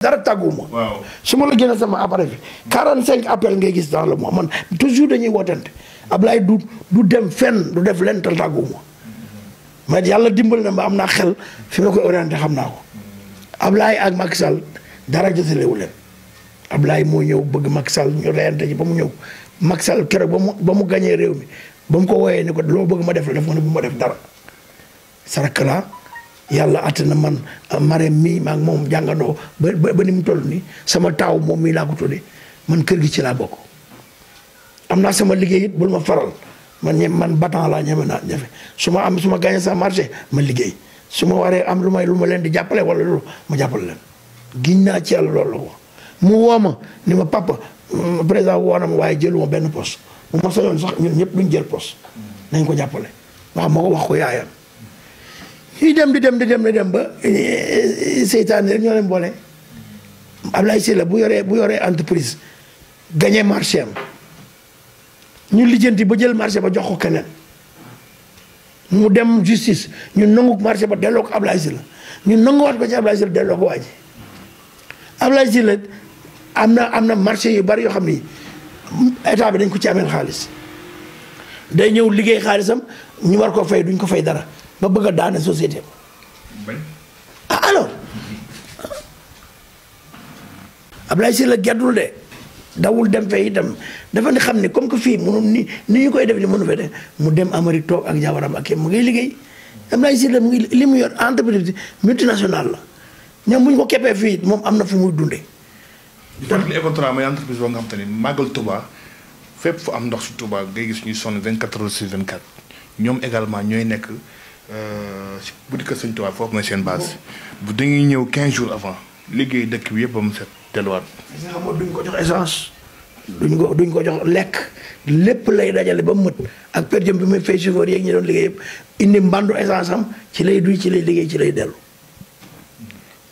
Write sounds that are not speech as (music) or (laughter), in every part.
dara tàgguwuma. waaw su ma la génne sama appareil bi 45 appels ngay gis dans le mois man toujours dañuy wootante Ablaye du du dem fenn du def lenn te tàgguwuma yàlla dimbali na ma am naa xel fi ma koy orienté xam naa ko Ablaye ak Macky Sall dara jotalewu leen Ablaye moo ñëw bëgg Macky Sall ñu reyante ji ba mu ñëw Macky Sall keroog ba mu ba mu gañee réew mi ba mu ko wooyee ni ko loo bëgg ma def la def ma ne bu ma def dara saraka laa yàlla àtte na man Marème mii maag moom jàngandoo ba ba ni mu toll nii sama taaw moom mii laa ko tuddee man kër gi ci laa bokk. am naa sama liggéey it bul ma faral man ñem man batan laa ñeme naa ñefe su ma am su ma gagné sa marché ma liggéey su ma waree am lu may lu ma leen di jàppale wala ma jàppale leen. giñ naa ci yàlla loolu mu woo ma ni ma papa mm, président woo na ma waaye jëluma benn poste mu ma sax ñun ñëpp duñ jël poste nañ ko jàppale waaw ma ko wax ko yaayam. ñuy dem di dem di dem di dem ba eh, eh, seytaane rek ñoo leen boole Ablaye Sylla bu yoree bu yoree entreprise gagné marché am ñu lijjanti ba jël marché ba jox ko keneen mu dem justice ñu nangu marché ba delloo ko Ablaye la ñu nanguwaat ko ci Ablaye Sylla delloo ko waa ji Ablaye Sylla am na am na marché yu bari yoo xam ni état bi dañ ko ci ameel xaalis day ñëw liggéey xaalisam ñu war koo fay duñ ko fay dara. ba bëgg a daane société ba ah alors Ablaye Sylla geddul de dawul dem fee itam dafa ne xam ne comme que fii mënu ni ni ñu koy def ni mënu fee de mu dem Amérique toog ak jabaram ak mu ngi liggéey Ablaye Sylla mu ngi li mu yor entreprise multinationale la ñoom bu ñu ko keppee fii moom am na fu muy dundee. li Ecotra mooy entreprise boo nga xam te ne màggal Touba fépp fu am ndox si Touba ngay gis ñuy sonn 24 heures sur 24 ñoom également ñooy nekk. Euh, bu di ko sëñ Tuubaa foofu mooy seen base bu dañuy ñëw 15 jours avant liggéey dëkk bi yëpp ba mu set delluwaat. duñ ko jox essence. duñ ko duñ ko jox lekk lépp lay dajale ba mu mët ak per diem bi muy fay chauffeur yeeg ñi doon liggéey yëpp indi mbandu essence am ci lay duy ci lay liggéey ci lay dellu.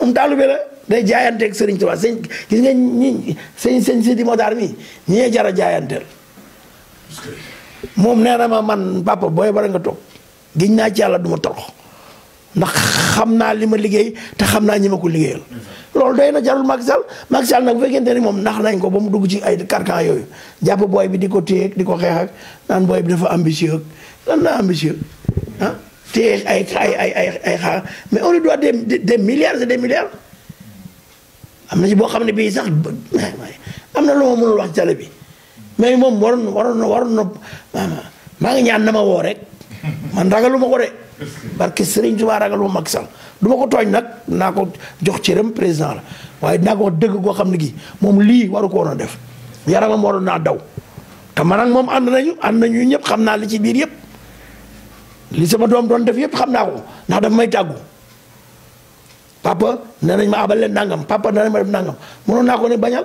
moom taalu bi la day jaayanteeg Serigne Touba sëñ gis nga ñi sëñ sëñ Sidi Motaar mi ñi jara jaayanteel. moom nee na ma man papa booy bara nga toog. giñ naa ci yàlla duma ma torox ndax xam naa li ma liggéey te xam naa ñi ma ko liggéeyal. loolu doy na jarul Macky Sall Macky Sall nag bu fekkente ni moom nax nañ ko ba mu dugg ci ay carcan yooyu jàpp booy bi di ko téye di ko xeex ak naan booy bi dafa ambitieux lan la ambitieux ah téye mais on lui doit des des am na boo xam ne bii sax am na lu ma mënul wax jale bi mais moom waroon waroon waroon na maa ngi ñaan na ma woo rek. man ragaluma ko de. barke Serigne Touba ragaluma mag Sall duma ko tooñ nag naa ko jox cëram président la waaye naa ko wax dëgg koo xam ne gi moom lii waru ko woon a def yaramam waroon naa daw te man ak moom ànd nañu ànd nañu ñëpp xam naa li ci biir yëpp li sama doom doon def yëpp xam naa ko ndax daf may tàggu papa nee nañ ma abal leen nangam papa nee ma def nangam mënoon naa ko ne bañal.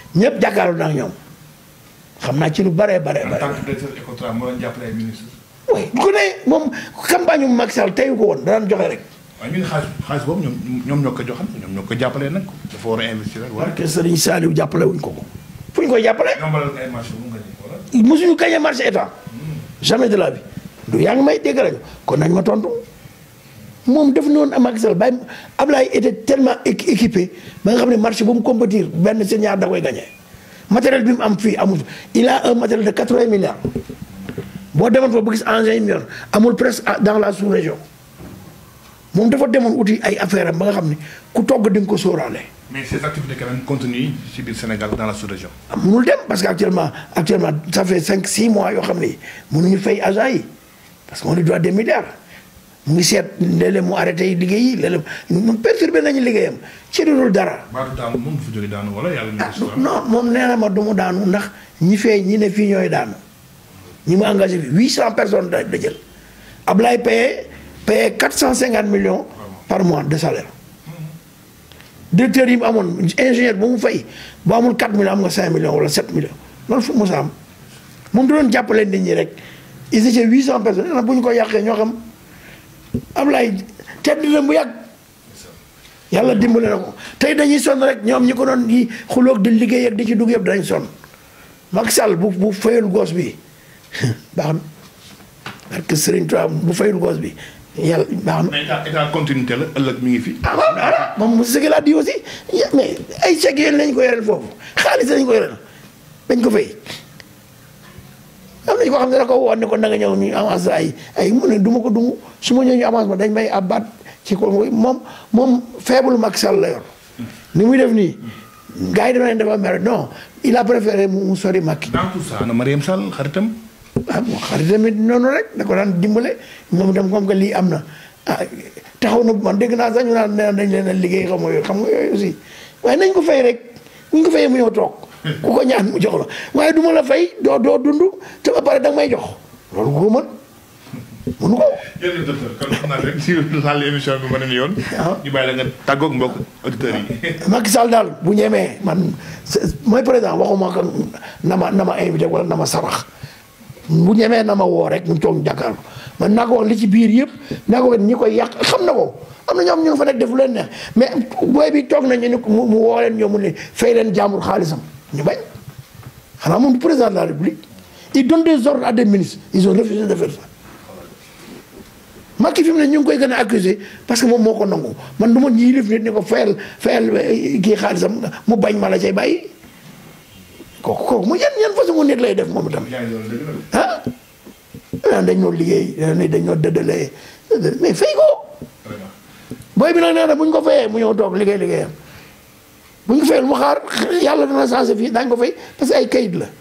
ñëpp jàkkaarloo na ak ñoom xam naa ci lu bare bare bare. en tant que directeur Ecotra moo leen jàppale ay ministre. oui bu ko nee moom campagne mu Macky teyu ko woon daan joxe rek. waaye ñun xaalis xaalis boobu ñoom ñoom ñoo ko joxoon ñoom ñoo ko jàppalee nag dafa war a investir rek. parce que Serigne Saliou ko ko. fu ñu koy ko ay marché bu mu gagné wala. mosuñu gagné marché état. Hmm. jamais de la vie. du yaa ngi may dégg rajo kon nañ ma tontu. mom def noonu Macky Sall bàyyi Ablaye était tellement équipé ba nga xam ne marché bu mu compétir ben seen ñaar da koy gagner matériel bi mu am fi amul il a un matériel de 80 milliards bo demone fo bu gis engins yi amul presse dans la sous-région mom dafa demone outil ay affaire ba nga xam ku togg ding ko sóoraale. mais ces activités quand même continuent ci biir Sénégal dans la sous-région. Ah, mënul dem parce que actuellement actuellement ça fait 5 6 mois yo xam ne ñu fay agents yi parce qu'on lui doit des milliards. mu ngi seet léeg-léeg mu arrêté liggéey yi léeg-léeg mu perturbé nañu liggéeyam ci dul dara. baatu daanu moom dafa ah, non moom nee ma du mu daanu ndax ñi fee ñi ne fii ñooy daanu ñi mu engagé bi 800 personnes da da jël Ablaye paye paye 450 million par mois de salaire directeur yi mu amoon ingénieur bu mu fay ba amul 4 millions am nga 5 millions wala 7 millions loolu fu mu sa am moom du doon jàppale nit ñi rek ils étaient 800 personnes bu ñu ko yàqee ñoo xam. am Ablaye tedd na mu yàgg yàlla dimbale na ko tey dañuy sonn rek ñoom ñi ko doon yi xuloog di liggéey ak di ci dugg yëpp dañ sonn Macky Sall bu bu fayul goos bi (laughs) baax parce que Serigne Touba bu fayul goos bi yàlla baax na. état état la ëllëg mi ngi fi. ah, ah, ah moom mu sëgg laa di aussi mais ay chèques yéen lañ ko yoreel foofu xaalis lañ ko yoreel dañ ko fay. am nañu ko xam ne da ko woon ne ko na nga ñëw ñu avance ay ay mu ne du ko dungu su ma ñëw ñu avance ma dañ may abat ci ko moom moom faible Macky Sall la yor ni muy def nii gars yi dama leen dafa mer non il a préféré mu sori Macky. dans tout ça na Mariam Sall xaritam. ah bon xaritam it rek da ko daan dimbale moom itam comme que lii am na ah taxaw na man dégg naa sax ñu naa nee dañ leen a liggéey xam nga xam nga yooyu aussi waaye nañ ko fay rek buñ ko fayee mu ñëw toog. ku ko ñaan mu jox la waaye du ma la fay doo doo dund te ba pare danga may jox loolu gu ko mën mënu ko. jërëjëf docteur kon bi beneen yoon. Ah. ñu bàyyi la nga tàggoog mbokk auditeurs yi. Macky Sall daal bu ñemee man mooy président waxuma ko na ma na ma invité wala na ma sarax bu ñemee na ma woo rek ñu toog jàkkaarloo man naa ko wax li ci biir yëpp naa ko wax ñi koy yàq xam na ko am na ñoom ñu ngi fa nekk leen neex mais booy bi toog nañu ni mu woo leen ñoom mu ne fay leen jàmbur xaalisam. ñu bañ xanaa moom président de la république il donne des ordres à des ministres ils ont refusé de faire ça Macky fi mu ne ñu ngi koy gën a accusé parce que moom moo ko nangu man du ma ñii def nit ne ko fayal fayal eh, kii xaalisam mu bañ ma la cay bàyyi kooku kooku mu yan nit lay def moom itam ah eh, dañ ñoo liggéey dañ ñoo dëddalee bi nag nee bu ñu ko fayee mu ñëw toog liggéey liggéeyam bu ñu ko fayal mu xaar yàlla dana changé fii daañu ko fay parce que ay kayit la.